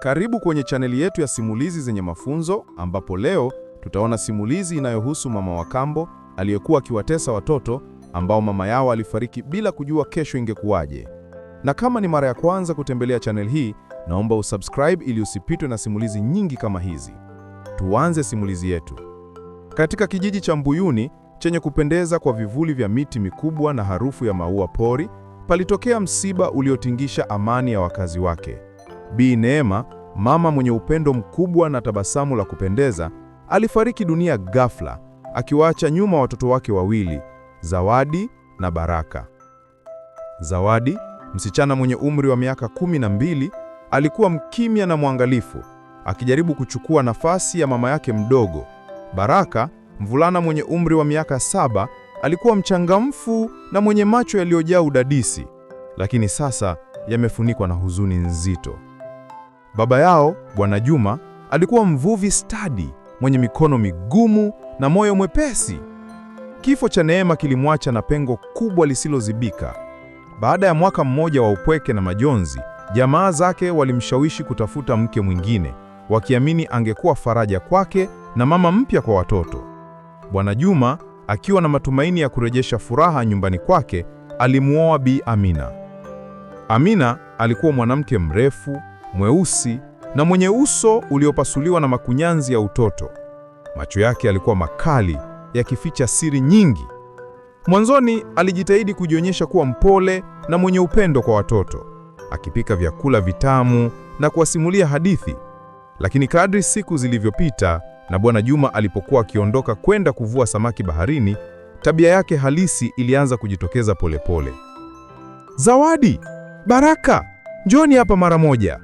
Karibu kwenye chaneli yetu ya simulizi zenye mafunzo, ambapo leo tutaona simulizi inayohusu mama wa kambo aliyekuwa akiwatesa watoto ambao mama yao alifariki bila kujua kesho ingekuwaje. Na kama ni mara ya kwanza kutembelea chaneli hii, naomba usubscribe ili usipitwe na simulizi nyingi kama hizi. Tuanze simulizi yetu. Katika kijiji cha Mbuyuni chenye kupendeza kwa vivuli vya miti mikubwa na harufu ya maua pori, palitokea msiba uliotingisha amani ya wakazi wake. Bi Neema, mama mwenye upendo mkubwa na tabasamu la kupendeza, alifariki dunia ghafla, akiwaacha nyuma watoto wake wawili, Zawadi na Baraka. Zawadi, msichana mwenye umri wa miaka kumi na mbili, alikuwa mkimya na mwangalifu, akijaribu kuchukua nafasi ya mama yake mdogo. Baraka, mvulana mwenye umri wa miaka saba, alikuwa mchangamfu na mwenye macho yaliyojaa udadisi, lakini sasa yamefunikwa na huzuni nzito. Baba yao Bwana Juma alikuwa mvuvi stadi mwenye mikono migumu na moyo mwepesi. Kifo cha Neema kilimwacha na pengo kubwa lisilozibika. Baada ya mwaka mmoja wa upweke na majonzi, jamaa zake walimshawishi kutafuta mke mwingine, wakiamini angekuwa faraja kwake na mama mpya kwa watoto. Bwana Juma, akiwa na matumaini ya kurejesha furaha nyumbani kwake, alimuoa Bi Amina. Amina alikuwa mwanamke mrefu mweusi na mwenye uso uliopasuliwa na makunyanzi ya utoto. Macho yake yalikuwa makali, yakificha siri nyingi. Mwanzoni alijitahidi kujionyesha kuwa mpole na mwenye upendo kwa watoto, akipika vyakula vitamu na kuwasimulia hadithi. Lakini kadri siku zilivyopita na Bwana Juma alipokuwa akiondoka kwenda kuvua samaki baharini, tabia yake halisi ilianza kujitokeza polepole. Zawadi, Baraka, njoni hapa mara moja.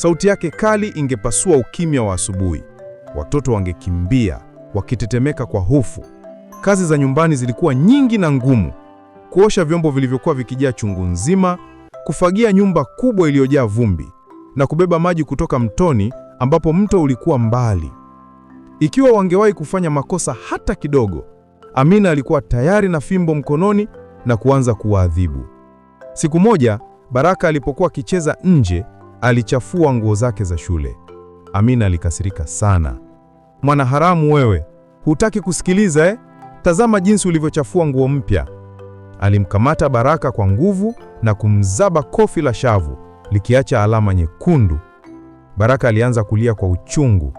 Sauti yake kali ingepasua ukimya wa asubuhi. Watoto wangekimbia wakitetemeka kwa hofu. Kazi za nyumbani zilikuwa nyingi na ngumu: kuosha vyombo vilivyokuwa vikijaa chungu nzima, kufagia nyumba kubwa iliyojaa vumbi, na kubeba maji kutoka mtoni ambapo mto ulikuwa mbali. Ikiwa wangewahi kufanya makosa hata kidogo, Amina alikuwa tayari na fimbo mkononi na kuanza kuwaadhibu. Siku moja, Baraka alipokuwa akicheza nje alichafua nguo zake za shule. Amina alikasirika sana. Mwanaharamu wewe, hutaki kusikiliza eh? Tazama jinsi ulivyochafua nguo mpya. Alimkamata Baraka kwa nguvu na kumzaba kofi la shavu likiacha alama nyekundu. Baraka alianza kulia kwa uchungu.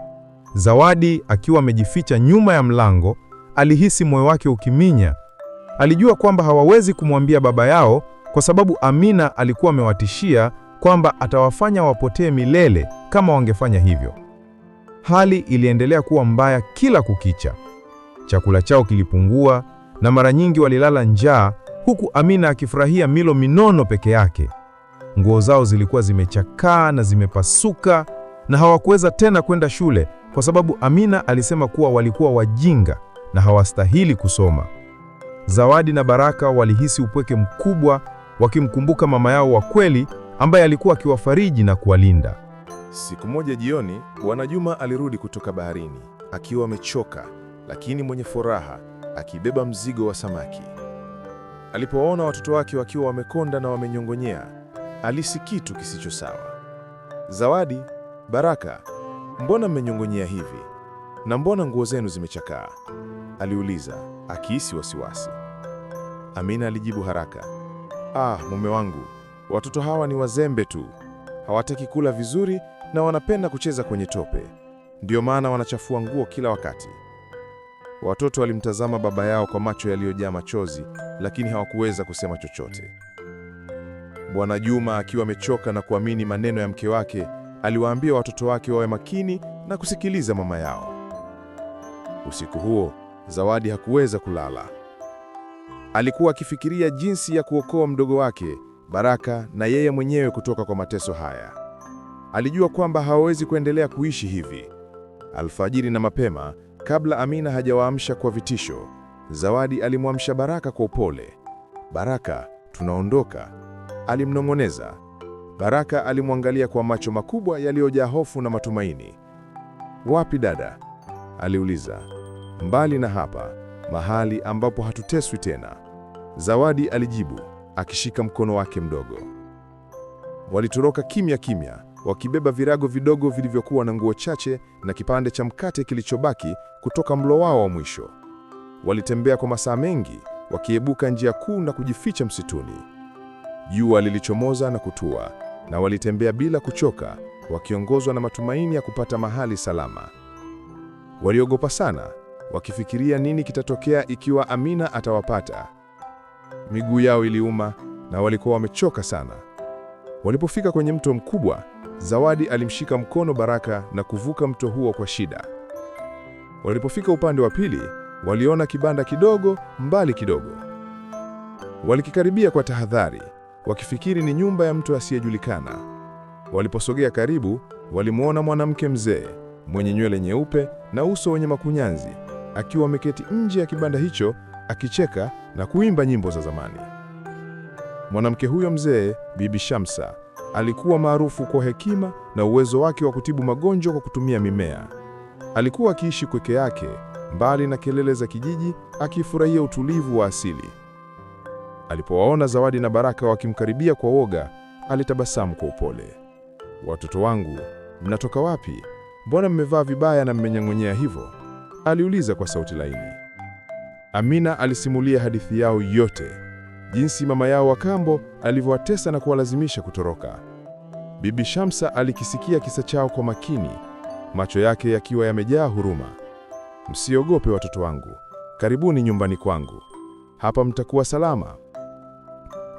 Zawadi akiwa amejificha nyuma ya mlango, alihisi moyo wake ukiminya. Alijua kwamba hawawezi kumwambia baba yao kwa sababu Amina alikuwa amewatishia kwamba atawafanya wapotee milele kama wangefanya hivyo. Hali iliendelea kuwa mbaya kila kukicha. Chakula chao kilipungua na mara nyingi walilala njaa, huku Amina akifurahia milo minono peke yake. Nguo zao zilikuwa zimechakaa na zimepasuka na hawakuweza tena kwenda shule kwa sababu Amina alisema kuwa walikuwa wajinga na hawastahili kusoma. Zawadi na Baraka walihisi upweke mkubwa wakimkumbuka mama yao wa kweli ambaye alikuwa akiwafariji na kuwalinda. Siku moja jioni, Bwana Juma alirudi kutoka baharini akiwa amechoka, lakini mwenye furaha, akibeba mzigo wa samaki. Alipowaona watoto wake wakiwa wamekonda na wamenyongonyea, alisi kitu kisicho sawa. Zawadi, Baraka, mbona mmenyongonyea hivi na mbona nguo zenu zimechakaa? aliuliza akihisi wasiwasi. Amina alijibu haraka, ah, mume wangu Watoto hawa ni wazembe tu, hawataki kula vizuri na wanapenda kucheza kwenye tope, ndio maana wanachafua nguo kila wakati. Watoto walimtazama baba yao kwa macho yaliyojaa machozi, lakini hawakuweza kusema chochote. Bwana Juma akiwa amechoka na kuamini maneno ya mke wake, aliwaambia watoto wake wawe makini na kusikiliza mama yao. Usiku huo Zawadi hakuweza kulala. Alikuwa akifikiria jinsi ya kuokoa mdogo wake baraka na yeye mwenyewe kutoka kwa mateso haya. Alijua kwamba hawawezi kuendelea kuishi hivi. Alfajiri na mapema, kabla Amina hajawaamsha kwa vitisho, Zawadi alimwamsha Baraka kwa upole. Baraka, tunaondoka, alimnong'oneza. Baraka alimwangalia kwa macho makubwa yaliyojaa hofu na matumaini. Wapi dada? aliuliza. Mbali na hapa, mahali ambapo hatuteswi tena, Zawadi alijibu akishika mkono wake mdogo. Walitoroka kimya kimya, wakibeba virago vidogo vilivyokuwa na nguo chache na kipande cha mkate kilichobaki kutoka mlo wao wa mwisho. Walitembea kwa masaa mengi, wakiebuka njia kuu na kujificha msituni. Jua lilichomoza na kutua, na walitembea bila kuchoka, wakiongozwa na matumaini ya kupata mahali salama. Waliogopa sana, wakifikiria nini kitatokea ikiwa Amina atawapata. Miguu yao iliuma na walikuwa wamechoka sana. Walipofika kwenye mto mkubwa, Zawadi alimshika mkono Baraka na kuvuka mto huo kwa shida. Walipofika upande wa pili, waliona kibanda kidogo mbali kidogo. Walikikaribia kwa tahadhari, wakifikiri ni nyumba ya mtu asiyejulikana. Waliposogea karibu, walimwona mwanamke mzee mwenye nywele nyeupe na uso wenye makunyanzi, akiwa ameketi nje ya kibanda hicho akicheka na kuimba nyimbo za zamani. Mwanamke huyo mzee, Bibi Shamsa, alikuwa maarufu kwa hekima na uwezo wake wa kutibu magonjwa kwa kutumia mimea. Alikuwa akiishi kweke yake, mbali na kelele za kijiji, akifurahia utulivu wa asili. Alipowaona Zawadi na Baraka wakimkaribia kwa woga, alitabasamu kwa upole. Watoto wangu, mnatoka wapi? Mbona mmevaa vibaya na mmenyang'onyea hivyo? aliuliza kwa sauti laini. Amina alisimulia hadithi yao yote, jinsi mama yao wa kambo alivyowatesa na kuwalazimisha kutoroka. Bibi Shamsa alikisikia kisa chao kwa makini, macho yake yakiwa yamejaa huruma. Msiogope watoto wangu, karibuni nyumbani kwangu, hapa mtakuwa salama.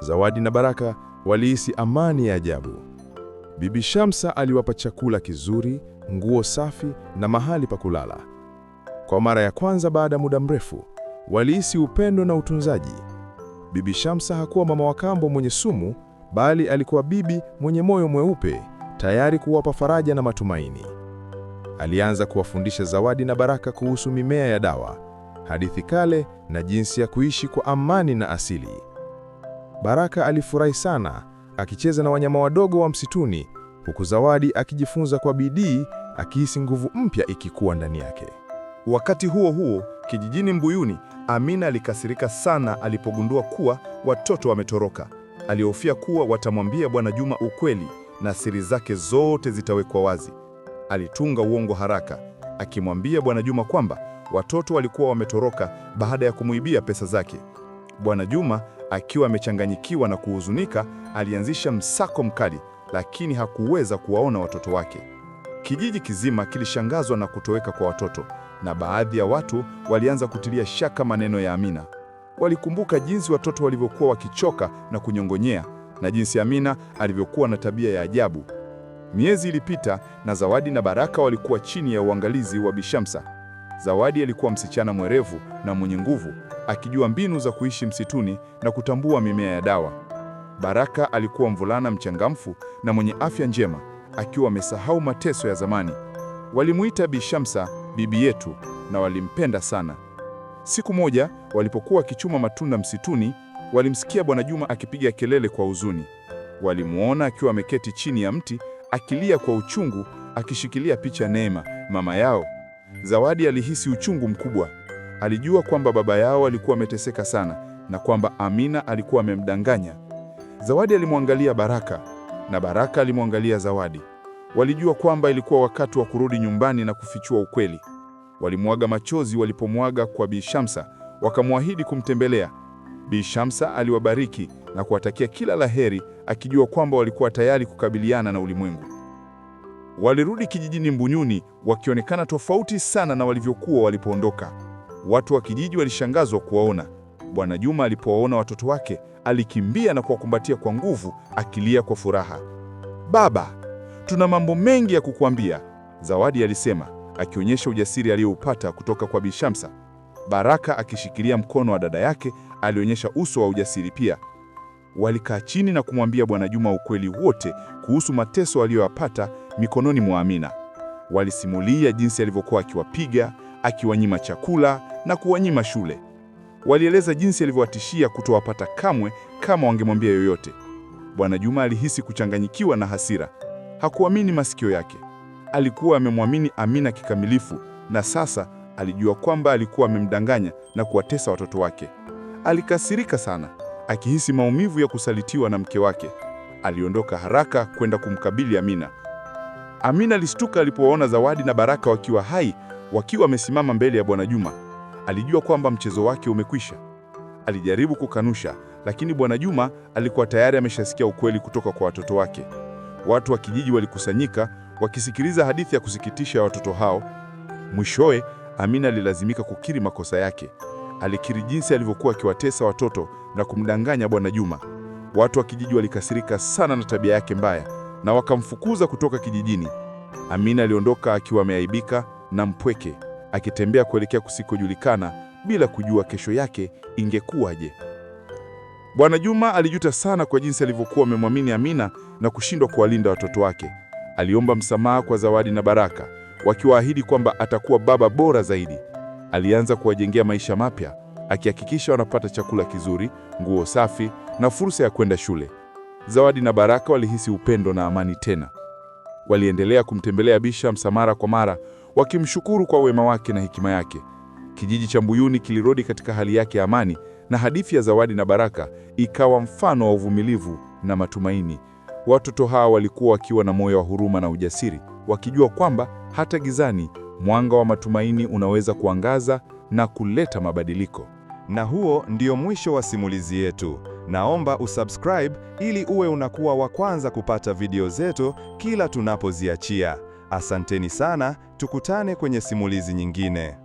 Zawadi na Baraka walihisi amani ya ajabu. Bibi Shamsa aliwapa chakula kizuri, nguo safi na mahali pa kulala. Kwa mara ya kwanza baada ya muda mrefu, walihisi upendo na utunzaji. Bibi Shamsa hakuwa mama wa kambo mwenye sumu, bali alikuwa bibi mwenye moyo mweupe, tayari kuwapa faraja na matumaini. Alianza kuwafundisha Zawadi na Baraka kuhusu mimea ya dawa, hadithi kale na jinsi ya kuishi kwa amani na asili. Baraka alifurahi sana akicheza na wanyama wadogo wa msituni, huku Zawadi akijifunza kwa bidii, akihisi nguvu mpya ikikuwa ndani yake. Wakati huo huo, kijijini Mbuyuni Amina alikasirika sana alipogundua kuwa watoto wametoroka. Alihofia kuwa watamwambia Bwana Juma ukweli na siri zake zote zitawekwa wazi. Alitunga uongo haraka, akimwambia Bwana Juma kwamba watoto walikuwa wametoroka baada ya kumuibia pesa zake. Bwana Juma akiwa amechanganyikiwa na kuhuzunika, alianzisha msako mkali, lakini hakuweza kuwaona watoto wake. Kijiji kizima kilishangazwa na kutoweka kwa watoto na baadhi ya watu walianza kutilia shaka maneno ya Amina. Walikumbuka jinsi watoto walivyokuwa wakichoka na kunyongonyea na jinsi Amina alivyokuwa na tabia ya ajabu. Miezi ilipita na Zawadi na Baraka walikuwa chini ya uangalizi wa Bishamsa. Zawadi alikuwa msichana mwerevu na mwenye nguvu, akijua mbinu za kuishi msituni na kutambua mimea ya dawa. Baraka alikuwa mvulana mchangamfu na mwenye afya njema, akiwa amesahau mateso ya zamani. Walimuita Bishamsa bibi yetu, na walimpenda sana. Siku moja walipokuwa wakichuma matunda msituni, walimsikia Bwana Juma akipiga kelele kwa huzuni. Walimuona akiwa ameketi chini ya mti akilia kwa uchungu, akishikilia picha Neema, mama yao. Zawadi alihisi uchungu mkubwa. Alijua kwamba baba yao alikuwa ameteseka sana na kwamba Amina alikuwa amemdanganya. Zawadi alimwangalia Baraka na Baraka alimwangalia Zawadi. Walijua kwamba ilikuwa wakati wa kurudi nyumbani na kufichua ukweli. Walimwaga machozi walipomwaga kwa Bi Shamsa, wakamwahidi kumtembelea. Bi Shamsa aliwabariki na kuwatakia kila laheri, akijua kwamba walikuwa tayari kukabiliana na ulimwengu. Walirudi kijijini Mbunyuni wakionekana tofauti sana na walivyokuwa walipoondoka. Watu wa kijiji walishangazwa kuwaona. Bwana Juma alipowaona watoto wake, alikimbia na kuwakumbatia kwa nguvu, akilia kwa furaha. Baba, tuna mambo mengi ya kukuambia, Zawadi alisema akionyesha ujasiri aliyoupata kutoka kwa bishamsa Baraka akishikilia mkono wa dada yake alionyesha uso wa ujasiri pia. Walikaa chini na kumwambia Bwana Juma ukweli wote kuhusu mateso aliyoyapata mikononi mwa Amina. Walisimulia jinsi alivyokuwa akiwapiga, akiwanyima chakula na kuwanyima shule. Walieleza jinsi alivyowatishia kutowapata kamwe kama wangemwambia yoyote. Bwana Juma alihisi kuchanganyikiwa na hasira. Hakuamini masikio yake. Alikuwa amemwamini Amina kikamilifu, na sasa alijua kwamba alikuwa amemdanganya na kuwatesa watoto wake. Alikasirika sana, akihisi maumivu ya kusalitiwa na mke wake. Aliondoka haraka kwenda kumkabili Amina. Amina alishtuka alipowaona Zawadi na Baraka wakiwa hai, wakiwa wamesimama mbele ya Bwana Juma. Alijua kwamba mchezo wake umekwisha. Alijaribu kukanusha, lakini Bwana Juma alikuwa tayari ameshasikia ukweli kutoka kwa watoto wake. Watu wa kijiji walikusanyika wakisikiliza hadithi ya kusikitisha ya watoto hao. Mwishowe, Amina alilazimika kukiri makosa yake. Alikiri jinsi alivyokuwa akiwatesa watoto na kumdanganya Bwana Juma. Watu wa kijiji walikasirika sana na tabia yake mbaya na wakamfukuza kutoka kijijini. Amina aliondoka akiwa ameaibika na mpweke, akitembea kuelekea kusikojulikana bila kujua kesho yake ingekuwaje. Bwana Juma alijuta sana kwa jinsi alivyokuwa amemwamini Amina na kushindwa kuwalinda watoto wake. Aliomba msamaha kwa Zawadi na Baraka, wakiwaahidi kwamba atakuwa baba bora zaidi. Alianza kuwajengea maisha mapya, akihakikisha wanapata chakula kizuri, nguo safi na fursa ya kwenda shule. Zawadi na Baraka walihisi upendo na amani tena. Waliendelea kumtembelea bisha msamara kwa mara, wakimshukuru kwa wema wake na hekima yake. Kijiji cha Mbuyuni kilirudi katika hali yake ya amani na hadithi ya Zawadi na Baraka ikawa mfano wa uvumilivu na matumaini. Watoto hawa walikuwa wakiwa na moyo wa huruma na ujasiri, wakijua kwamba hata gizani mwanga wa matumaini unaweza kuangaza na kuleta mabadiliko. Na huo ndio mwisho wa simulizi yetu. Naomba usubscribe ili uwe unakuwa wa kwanza kupata video zetu kila tunapoziachia. Asanteni sana, tukutane kwenye simulizi nyingine.